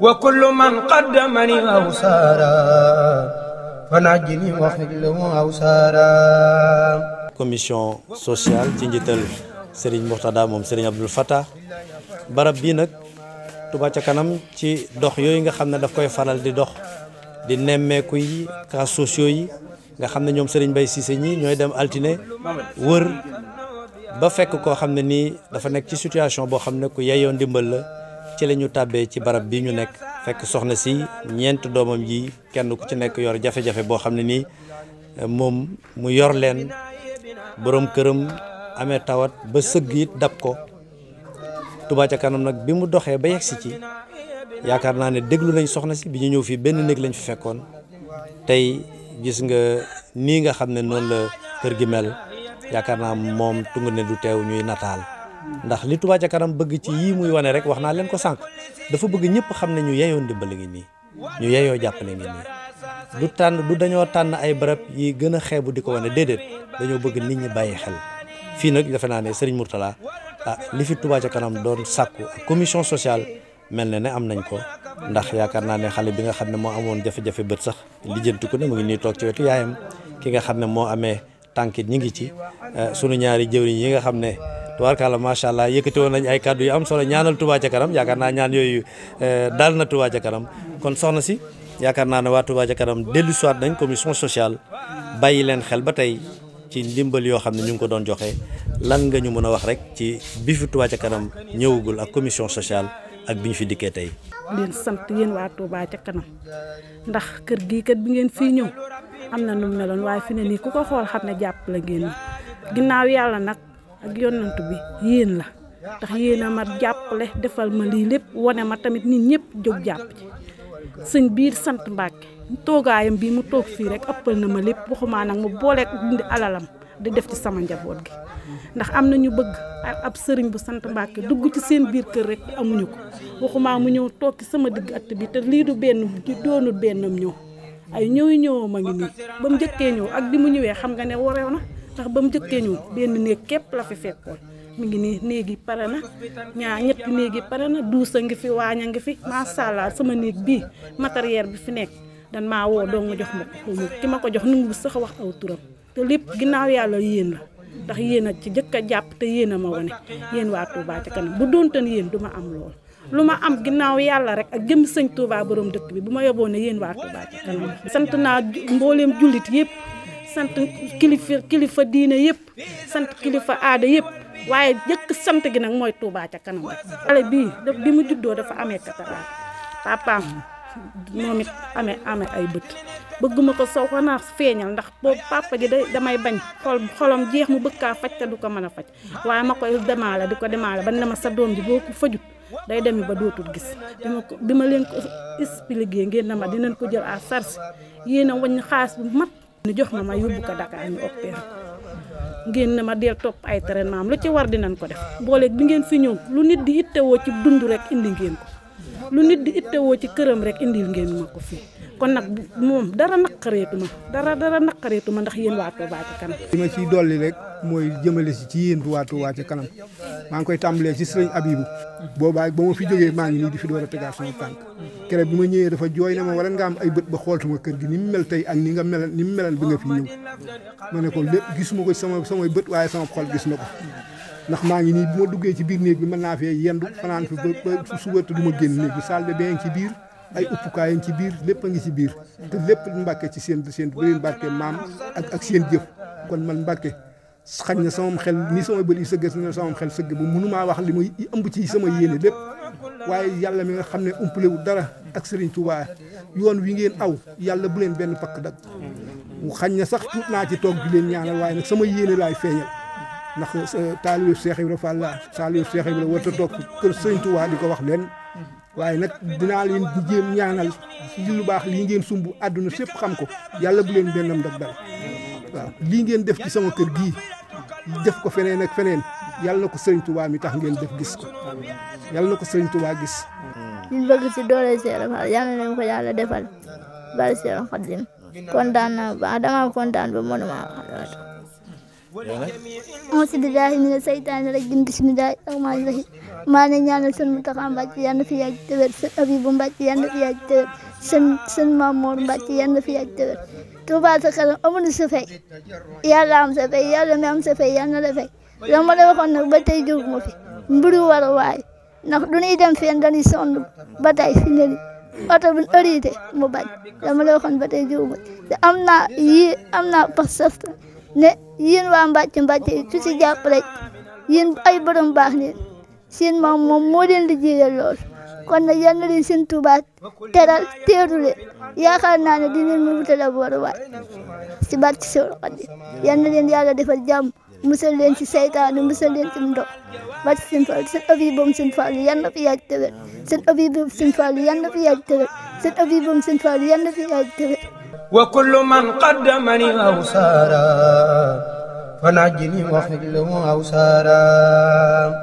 wa kullu man qaddamani awsaara fa commission sociale ci njiital sëriñ Mourtada moom Serigne Abdoul Fattah barab bii nag Touba ca kanam ci dox yooyu nga xam ne daf koy faral di dox di nemmeeku yi cas sociaux yi nga xam ne ñoom Serigne Mbaye Cissé ñi ñooy dem altine wër ba fekk koo xam ne nii dafa nekk ci situation boo xam ne ku yeyoo ndimbal la ci la ñu tàbbee ci barab bi ñu nekk fekk soxna si ñeent doomam yi kenn ku ci nekk yor jafe-jafe boo xam ne nii moom mu yor leen boroom këram amee tawat ba sëgg it dab ko Touba ca kanam nag bi mu doxee ba yegsi ci yaakaar naa ne déglu nañ soxna si bi ñu ñëw fii benn néeg lañ fi fekkoon tey gis nga nii nga xam ne noonu la kër gi mel yaakaar naa moom tungu ne du teew ñuy nataal ndax li Touba ca kanam bëgg ci yii muy wane rek wax naa leen ko sànq dafa bëgg ñëpp xam ne ñu di ba ngi nii ñu yeyoo jàppale ngi nii du tànn du dañoo tànn ay barab yi gën a xeebu di ko wane déedéet dañoo bëgg nit ñi bàyyi xel fii nag defe naa ne Serigne Mourtala ah li fi Touba ca kanam doon sàkku commission sociale mel na ne am nañ ko ndax yaakaar naa ne xale bi nga xam ne moo amoon jafe-jafe sax lijjanti ko ne mu ngi toog ci wetu yaayam ki nga xam ne moo amee tànkit ñi ngi ci eh, sunu ñaari jëwriñ yi nga xam ne tubaarkàlla macha allah yëkkati woon nañ ay kàddu yu am solo ñaanal Touba ca kanam yaakaar naa ñaan yooyu eh, daal na Touba ca kanam kon soxna si yaakaar naa ne waa Touba ca kanam dellu soit nañ commission sociale bàyyi leen xel ba tey ci ndimbal yoo xam ne ñu ngi ko doon joxe lan nga ñu mën a wax rek ci bi fi Touba ca kanam ñëwagul ak commission sociale ak bi ñu fi dikkee tey. leen sant yéen waa Touba ca kanam ndax kër gi kat bi ngeen fii ñëw am na nu mu fi ne nii ku ko xool xam ak yonant bi yéen la ndax yéen a ma jàppale defal ma lii lépp wane ma tamit nit ñëpp jóg jàpp sëñ biir sant Mbàkke toogaayam bii mu toog fii rek ëppal na ma lépp waxumaa nag mu booleeg di alalam di def ci sama njaboot gi ndax am na ñu bëgg ab sëriñ bu sant Mbàkke dugg ci seen biir kër rek amuñu ko waxumaa mu ñëw toog ci sama digg att bi te lii du benn doonul bennam ñëw ay ñëw ñëwam a ngi nii ba mu njëkkee ñëw ak di mu ñëwee xam nga ne wareew na ndax ba mu jëkkee ñëw benn néeg képp la fi fekkoon mu ngi nii néeg yi pare na ñaar ñetti néeg yi pare na duus a ngi fi waañ a ngi fi macha allah sama néeg bii matériel bi fi nekk dan maa woo doo jox ma ki ma ko jox nangu sax wax aw turam te lépp ginnaaw yàlla yéen la ndax yéen a ci jëkk jàpp te yéen a ma wone yéen waa Touba ci kanam bu doontan yéen du ma am lool lu ma am ginnaaw yàlla rek ak jëm sëñ Touba borom dëkk bi bu ma yoboo yéen waa sant naa mbooleem jullit yëpp sant kilifa kilifa diina yëpp sant kilifa aada yépp waaye jëkk sant gi nag mooy Touba ca kanam rek. xale bii bi mu juddoo dafa amee kataraat papaam moom it amee ay bët bëgguma ko soow xanaa feeñal ndax boobu papa gi day damay bañ xol xolam jeex mu bëgg kaa faj te du ko mën a faj waaye ma koy demaale di ko demaale ban ne ma sa doom ji boo ko fajut day dem ba dootul gis bi ma leen ko expliqué ngeen na ma dinañ ko jël à charge yéen a wàññi mat. ñu jox na ma yóbbu ko Dakar ñu opéré ngeen ne ma deel topp ay traitement am lu ci war dinañ ko def booleeg bi ngeen fi ñëw lu nit di ittewoo ci dundu rek indi ngeen ko lu nit di ittewoo ci këram rek indil ngeen ko fi kon nag moom dara naqareetu ma dara dara naqareetu ma ndax yéen waa Touba ca kanam. li ma ciy dolli rek mooy jëmale si ci yéen waa Touba kanam maa ngi koy tàmbalee ci sëriñ Abibu boobaa ba ma fi jógee maa ngi nii di fi door a tegaat sama tànk kere bi ma ñëwee dafa jooy na ma wala nga ngaam ay bët ba xooltuma kër gi ni mu mel tey ak ni nga mel ni mu melan bi nga fi ñëw ma ne ko lépp gisuma ko sama samay bët waaye sama xol gis na ko ndax maa ngi nii bu ma duggee ci biir néeg bi mën naa fee yendu fanaan fi ba suba te du ma génn néeg bi salle de bain ci biir ay uppukaay ci biir lépp a ngi ci biir te lépp mbàkke ci seen seen bu leen barke maam ak seen jëf kon man mbàkke xañ na sama xel ni sama bëri sëgg na xel sëgg bu mënumaa wax li muy ëmb ci sama yéene lépp waaye yàlla mi nga xam ne umpale wu dara ak Serigne Touba yoon wi ngeen aw yàlla bu leen benn pakk dag xañ na sax tuut naa ci toog di leen ñaanal waaye nag sama yéene laay feeñal ndax eh, taalibu Cheikh Ibra Fall la taalibu Cheikh Ibra war a toog kër Sëñ Tuubaa di ko wax leen waaye nag dinaa leen di jéem ñaanal ci lu baax lii ngeen sumb àdduna sépp xam ko yàlla bu leen bennam dog dal lii ngeen def ci sama kër gii def ko feneen ak feneen yàlla na ko Sëñ waa mi tax ngeen def gis ko yàlla na ko Sëñ waa gis ñu bëgg ci doole Cheikh Ibra Fall yàlla nañ ko yàlla defal bari Cheikh Xaadim kontaan naa ba dama kontaan ba mënuma auzu billaahi mina seytaani rajiim bismillaahi rahmaani rahiim maa ngi ñaanal sëñ Mountakha Mbacké yal fi yàgg te wér sëñ Abibou Mbacké yal na fi yàgg te wér sëñ sëñ Mamour fi yàgg te wér Touba ca kanam amul sa fay yàlla am sa fay yàlla mi am sa fay yal na la fay la ma nag ba tey jóg ma fi mburu war a waay ndax du ñuy dem fenn dañuy sonn ba tey fi ne oto bu ërité mu bañ la ma la waxoon ba tey jóg ma te am naa yii am naa pas ne yéen waa Mbàcce Mbàcce su si jàpp rek ay borom baax leen seen maam moom moo leen liggéeyal lool kon nag yal na leen seen Tuubaa teral teeru leen yaakaar naa ne dinañ mu wutal ab waruwaay si barke Sëriñ Xaadim yal na leen yàlla defal jàmm musal leen si saytaanu musal leen si ndox barke seen Fall seen abi boom seen Fall yal na fi yàgg abi boom seen Fall yal na fi wa kullu man qaddamani aw ونجني وحله أوسارا